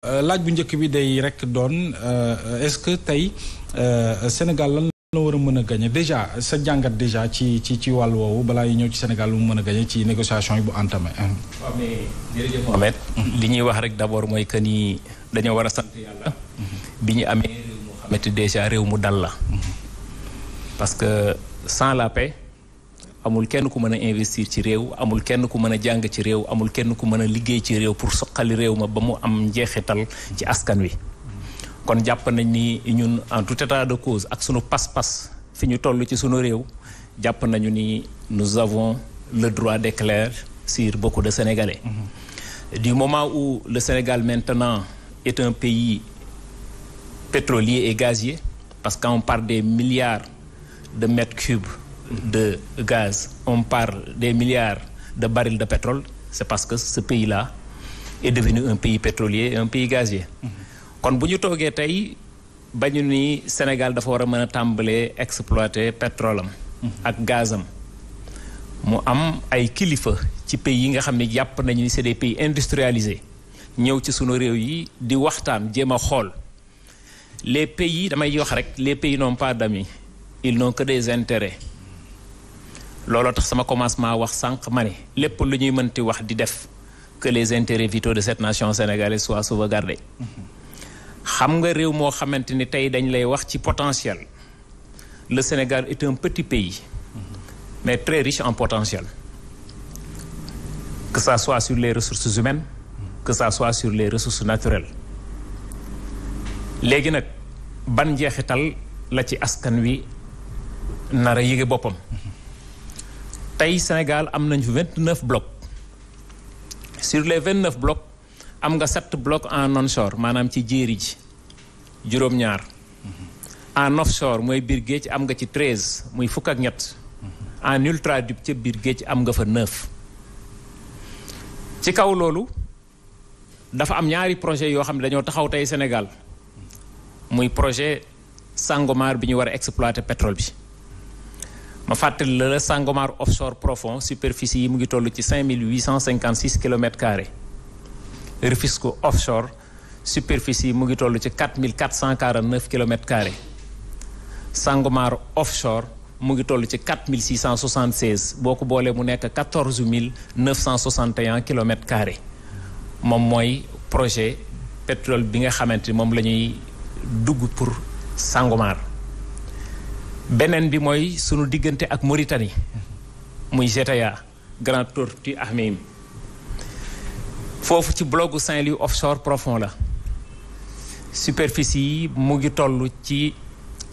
Euh, laaj bu njëkk bi day rek doon euh, est-ce que tey euh, Sénégal lan la war a mën a gañe déjà sa jàngat déjà ci ci ci wàll woowu balaa yi ñëw ci Sénégal lu mu mën a gañe ci négociation yi bu entamé. waaw mhm. li ñuy wax rek d'abord mooy que ni dañoo war a sant yàlla. Mhm. bi ñu amee réew mu déjà réew mu dal la. Mhm. parce que sans la paix. amul kenn ku mën a investir ci réew amul kenn ku mën a jàng ci réew amul kenn ku mën a liggéey ci réew pour soqali réew ma ba mu am njeexital ci askan wi kon jàpp nañ ni ñun en tout état de cause ak sunu pas-pas fi ñu toll ci sunu réew jàpp nañu ni nous avons le droit d'éclair sur beaucoup de Sénégalais mm-hmm. du moment où le Sénégal maintenant est un pays pétrolier et gazier parce qu'on parle des milliards de mètres cubes de gaz, on parle des milliards de barils de pétrole, c'est parce que ce pays-là est devenu un pays pétrolier et un pays gazier. Quand vous ñu toogee le bañu le Sénégal dafa a a exploiter pétrole et le gaz. mu am ay des pays yi nga des pays industrialisés ci sunu di les pays les pays n'ont pas d'amis ils n'ont que des intérêts lolo tax sama commencement wax sank ma lepp mënti wax di que les intérêts vitaux de cette nation sénégalaise soient sauvegardés xam nga rew mo xamanteni tay dañ lay wax ci potentiel le Sénégal est un petit pays mais très riche en potentiel que ça soit sur les ressources humaines que ça soit sur les ressources naturelles légui nak ban jeexital la ci askan wi tay Sénégal am 29 blocs sur les 29 blocs il y a 7 blocs en non shore manam ci djéri ci ñaar en offshore moy bir geej am nga ci 13 moy fuk ak ñet en ultra dup ci bir geej am nga fa 9 ci kaw lolu dafa am ñaari projet yo au Sénégal. taxaw tay Sénégal moy projet sangomar biñu war exploiter le pétrole en fait, le Sangomar offshore profond superficie yi mu 5856 km. Le rifisco offshore superficie mu ci 4449 km2. Sangomar offshore mu ngi ci 4676 Boko ko boolee mu nekk 14961 km. Mon projet pétrole bi nga xamante ni moom pour Sangomar beneen bi mooy sunu diggante ak Mauritanie muy GTA Grand Tour du Ahmeyim foofu ci blogu Saint-Louis offshore profond la superficie yi mu ngi toll ci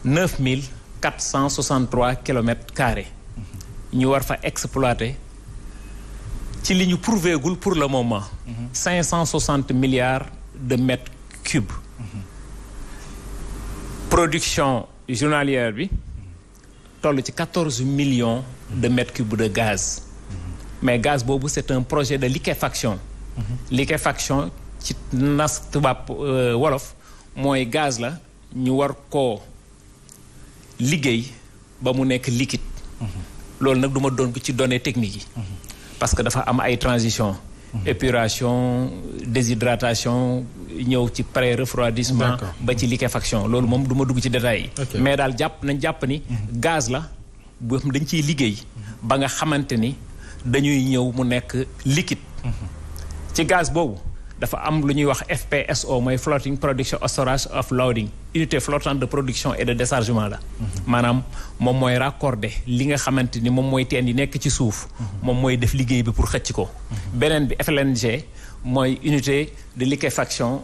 9463 profond. quatre ñu war fa exploiter ci li prouvé pour le moment. 560 milliards de mètres cubes. production journalière bi. 14 millions de mètres cubes de gaz mais gaz Bobo, c'est un projet de liquéfaction liquéfaction ci nas euh, wolof le gaz liquide mhm. mhm. parce que transition épuration déshydratation ñëw ci pré refroidissement ba ci liquéfaction loolu moom du ma dugg ci détails yi mais daal japp nañ japp ni mhm. gaz la boo xam dañ ciy liggéey ba nga xamante ni dañuy ñëw mu nekk liquide mhm. ci gaz boobu dafa am lu wax FPSO mooy floating production storage of loading unité flottante de production et de déchargement la mhm. maanaam moom mooy raccordé li nga xamante ni moom mooy teen yi nekk ci suuf mhm. moom mooy def liggéey bi pour xëcc ko mhm. beneen bi FLNG mooy unité de liquéfaction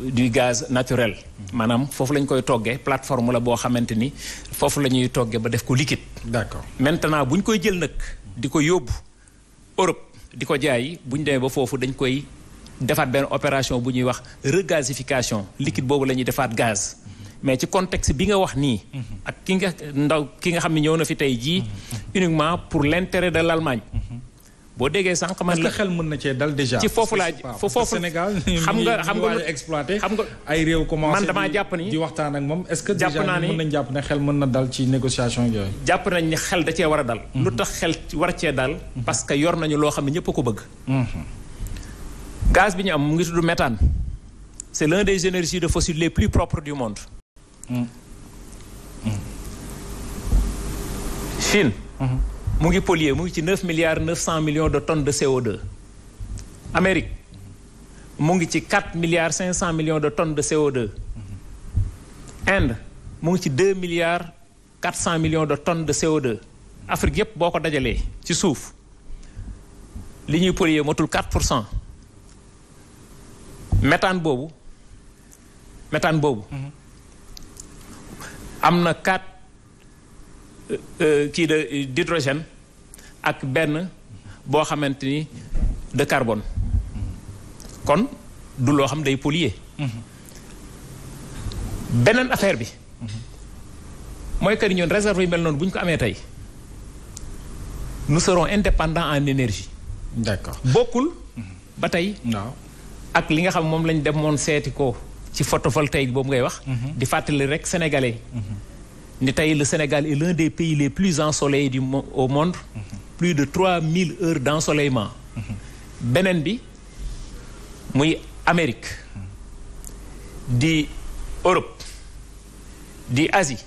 du gaz naturel maanaam foofu lañ koy toggee plateforme la boo xamante ni foofu la ñuy toggee ba def ko liquide d'accord maintenant bu ñu koy jël nag di ko Europe di ko jaay bu ñu demee ba foofu dañ koy defaat ben opération bu ñuy wax regasification liquide bobu lañuy ñuy gaz mais ci contexte bi nga wax ni ak ki nga ndaw ki nga xamni ne ñëw na fi tay ji uniquement pour l'intérêt de l'Allemagne bo déggé sank man la xel mën na ci dal déjà ci fofu la fofu Sénégal xam nga xam nga exploiter xam nga ay réew commencé man damaa jàpp ni di waxtaan ak mom est-ce que déjà mën nañ japp né xel mën na dal ci négociation yoy japp nañ ni xel da ci wara dal lutax xel war ci dal parce que yor nañu lo xamni ñepp ko bëgg mhm gaz c'est l'un des énergies de fossiles les plus propres du monde. Mm. Mm. Chine. Mm-hmm. mu ngi milliards millions de tonnes de CO2. Amérique mm-hmm. mu ngi milliards 500 millions de tonnes de CO2. Mm-hmm. Inde mu ngi milliards 400 millions de tonnes de CO2. Afrique c'est boo ko ci suuf li 4 méthane boobu méthane boobu. am na quatre euh, euh, kii de euh, d'hydrogène ak benn boo xamante ni de carbone kon du loo xam day polluer. beneen affaire bi. mooy que ni ñun réserve yu mel noonu bu ko amee tey nous serons indépendants en énergie. bokkul ba tey. ak li nga xam moom lañ demoon seeti ko ci photovoltaïque boobu ngay wax. Mhm. di fàttali rek sénégalais. ni mhm. tey le Sénégal est l'un des pays les plus ensoleillés du au monde. Mhm. plus de 3000 heures d'ensoleillement. beneen bi muy Amérique. di Europe. di Asie.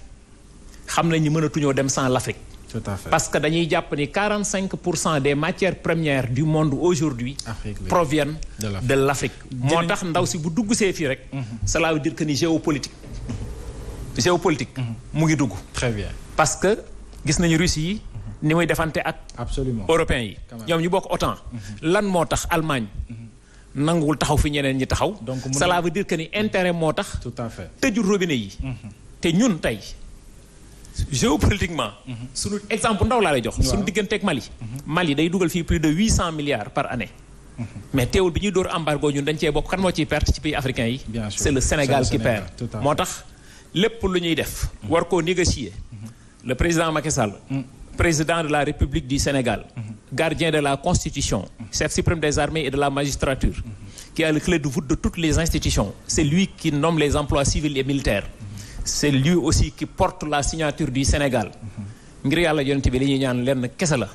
xam nañu mënatuñoo dem sans l'Afrique. Tout à fait. Parce que dañuy japp ni 45 des matières premières du monde aujourd'hui proviennent de l'Afrique Motax ndaw si bu dugg see rek mhm. cela veut dire que ni géopolitique mhm. géopolitique mhm. mu ngi dugg très bien parce que gis nañu Russie ni muy defante ak absolument européens yi ñoom ñu bokk autant. lan motax Allemagne nangul taxaw fi ñeneen ñi taxaw donc cela veut dire que ni intérêt motax tout à fait tëjul robinet yi te ñun tay géopolitiquement. Mhm. suñu exemple bu ndaw laa lay jox. Mali. Mhm. Mali a dugal plus de 800 milliards par année. Mhm. mais si bi ñuy un embargo ñun dañ cee bokk kan moo perte pays africains. c'est le Sénégal qui perd moo le lépp lu ñuy def. war négocier. le président Macky Sall. président de la République du Sénégal. gardien de la Constitution. chef suprême des armées et de la magistrature. qui a le clé de voûte de toutes les institutions. c'est lui qui nomme les emplois civils et militaires c'est lui aussi qui porte la signature du Sénégal ngir Yalla yonent bi li ñuy ñaan lenn kessa la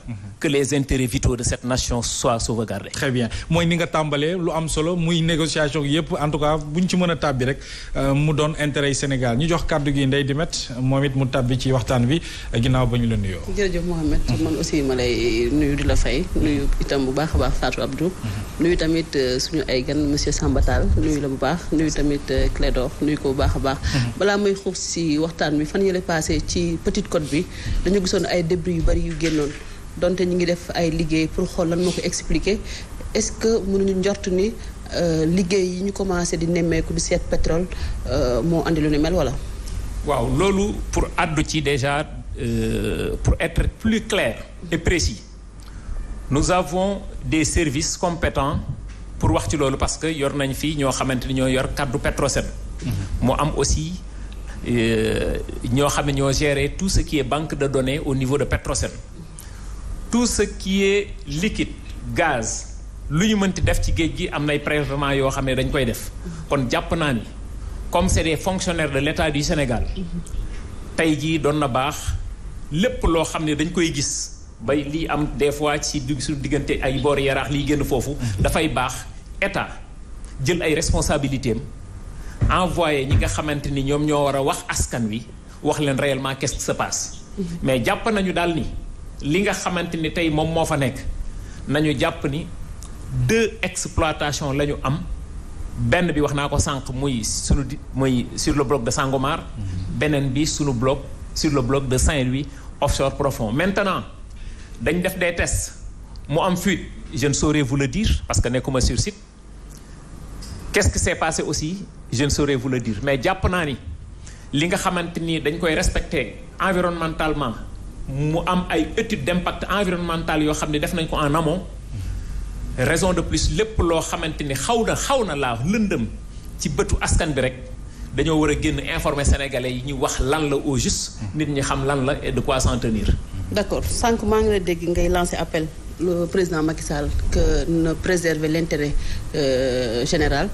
que les intérêts vitaux de cette nation soient sauvegardés. très bien mooy ni nga tàmbalee lu am solo muy négociation yëpp en tout cas bu ñu ci mën a tàbbi rek euh, mu doon intérêt yi Sénégal ñu jox kàddu gi Ndeye Dimet moom it mu tàbbi ci waxtaan bi euh, ginnaaw ba ñu la nuyoo. jërëjëf Mohamed mhm. man aussi Malay, lay nuyu di la fay nuyu itam bu baax a Fatou Abdou. Mhm. nuyu tamit euh, suñu ay gan monsieur Sambatal, Tall nuyu la bu baax nuyu tamit Clédor nuyu ko bu baax a baax. Mhm. balaa may xuuf si waxtaan bi fan yële passé ci Petite Côte bi dañu gisoon ay débris yu bari yu génnoon donte ñu ngi def ay liggéey pour xool lan moo ko expliquer est-ce que mënuñu njort ni euh, liggéey yi ñu commencé di nemmeeku di seet pétrole euh, moo andi lu ni mel wala. waaw loolu pour addu ci déjà euh, pour être plus clair et précis nous avons des services compétents pour wax ci loolu parce que yor nañ fi ñoo xamante ni ñoo yor kaddu Petrosen. moo am aussi ñoo xam ne ñoo gérer tout ce qui est banque de données au niveau de Petrosen tout ce qui est liquide gaz lu ñu mënti def ci géej gi am nay prélèvement yoo xam ne dañ koy def kon comme c'est des fonctionnaires de l'État du Sénégal tey jii doon na baax lépp loo dañ koy gis bay li am des fois ci sur diggante ay boor yaraax liy fofu da fay bax état jël ay responsabilités am envoyé ñi nga xamante ni ñoom ñoo wara wax askan wi wax leen réellement qu'est-ce qui se passe mais japp nañu dal ni li nga xamante ni tey moom moo fa nañu deux exploitations. lañu am benn bi ko sur le bloc de Sangomar mhm. beneen bi sunu bloc sur le bloc de Saint-Louis offshore profond maintenant dañ def des tests am je ne saurais vous le dire parce que nekkuma sur site qu'est-ce qui s'est passé aussi je ne saurais vous le dire mais jàpp naa ni li nga xamante ni dañ koy respecter environnementalement mu am ay étude d'impact environnemental yoo xam ne def nañ ko en amont raison de plus lépp loo xamante ni xaw na xaw na laa lëndëm ci bëtu askan bi rek dañoo war a génn informer sénégalais yi ñu wax lan la au juste nit ñi xam lan la et de quoi s'en tenir. d'accord sànq maa ngi la dégg ngay lancer appel. le président Macky Sall que ne préserver l'intérêt euh, général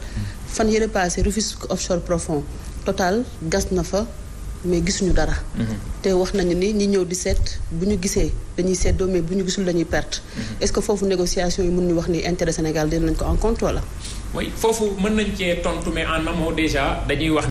fan yële passé refus offshore profond Total gas na fa mais gisuñu dara. Mm-hmm. te wax nañu ni ñi ñëw di seet bu ñu gisee dañuy seddoo mais bu ñu gisul dañuy perte. Mm-hmm. est-ce que foofu négociation yi mun ñu wax ni intérêt Sénégal dinañ ko en compte wala. foofu mën nañ cee tontu mais en amont déjà dañuy wax.